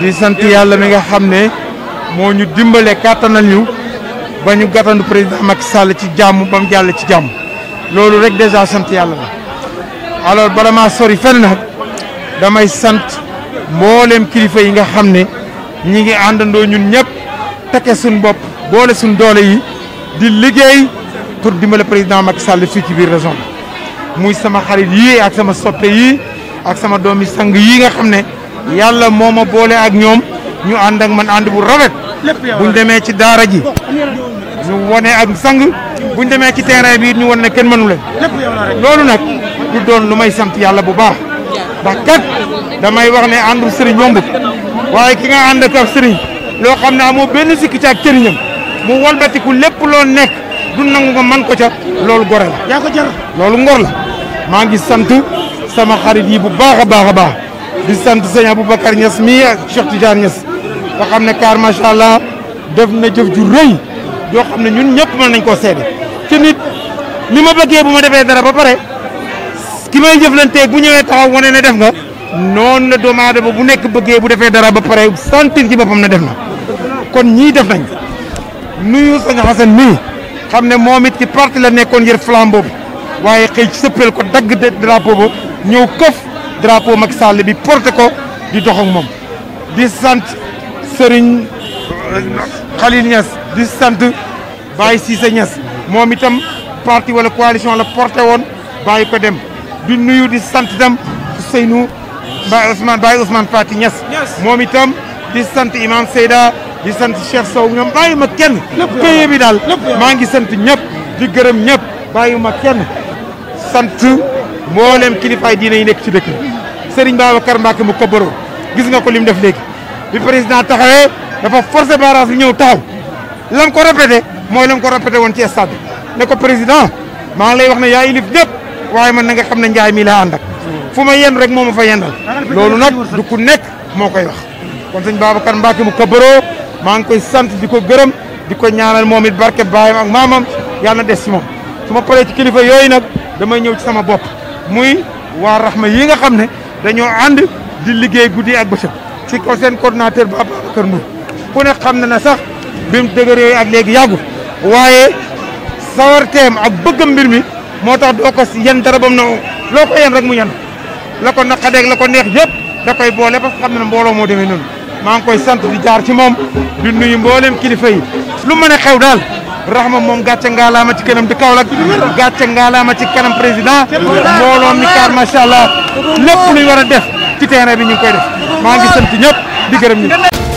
di sant yàlla mi nga xam ne moo ñu dimbale kàttanal ñu ba ñu gàttandu président Macky Sall ci jàmm ba mu jàll ci jàmm loolu rek dèjà sant yàlla la alors bala maa sori fenn nag damay sant mboolem kilifa yi nga xam ne ñi ngi àndandoo ñun ñëpp teke suñ bopp boole suñ doole yi di liggéey pour dimbale président Macky Sall fii ci biir région muy sama xarit yii ak sama soppe yii ak sama doomi sang yii nga xam ne yàlla moo ma boole ak ñoom ñu ànd ak man ànd bu rafet buñ demee ci daara ji ñu wone ak sang buñ demee ci terrain bi ñu won ne kenn mënu leen loolu nag du doon lu may sant yàlla bu baax ndax damay wax ne àndul sëriñ yombut waaye ki nga ànd ak ab sëriñ loo xam ne amoo benn sikki ca ak cëriñam mu walbatiku lépp loo nekk du nangu nga man ko ca loolu gore la yaa ko jar loolu ngor maa ngi sant sama xarit yi bu baax a baax a baax di sant sëñ Aboubacar Niass mii ak Cheikh Tidiane Niass nga xam ne kaar macha allah def na jëf ju rëy yoo xam ne ñun ñëpp mën nañ koo seede ci nit ni ma bëggee bu ma defee dara ba pare ki may jëflanteeg bu ñëwee taxaw wone ne def nga noonu la doomu aadama bu nekk bëggee bu defee dara ba pare sentir ci boppam na def na kon ñii def nañ nuyu sëñ Xasan mii xam ne moom it ci parti la nekkoon yër flambeau bi waaye xëy ci ko dagg drapeau ba ñëw këf drapeau Macky Sall bi porté ko di dox ak moom di sant sëriñ euh, Khalil Niass di sant Baye Cissé Niass moom itam parti wala coalition la porté woon bàyyi ko dem di nuyu di sant itam sëynu Baye Ousmane Baye Ousmane moom itam di sant Imam Seyda di sant Cheikh Sow ñoom bàyyi ma kenn paye bi daal maa ngi sant ñëpp di gërëm ñëpp bàyyi ma kenn sant mboolem kilifaay diine yi nekk ci dëkk bi Serigne Babacar Mbacke mu kobbaroo gis nga ko lim def léegi bi président taxawee dafa forcé barrage bi ñëw taxaw lam ko répété moo lam ko répété woon ci stade ne ko président maa ngi lay wax ne yaa ilif ñëpp waaye man na nga xam ne njaay mi laa ànd ak fu ma yenn rek moo ma fa yendal loolu nag du ku nekk moo koy wax kon sëñ Babacar Mbacke mu kobbaroo maa ngi koy sant di ko gërëm di ko ñaanal moom it barke baayam ak maamam yàlla na des ci ma paree ci yooyu nag damay ñëw ci sama bopp muy waa raxma yi nga xam ne dañoo ànd di liggéey guddi ak bëccëg ci ko seen coordonnateur ba Ababacar Ndour ku ne xam na ne sax bi mu yooyu ak léegi yàggu waaye sawarteem ak bëgg mbir mi moo tax doo ko yen dara bam na loo ko yen rek mu yen la ko naqadeeg la ko neex yëpp da koy boole parce que xam na ne mbooloo moo demee noonu maa ngi koy sant di jaar ci moom di nuyu mbooleem kilifa yi lu mën a xew daal Rahma moom gàcce ma ci kanam di Kaolack gàcce ngaalaama ci kanam président mbooloo mi kaar macha allah lépp luy war a def ci terrain bi ñu ngi maa ngi sant ñop di gërëm ñi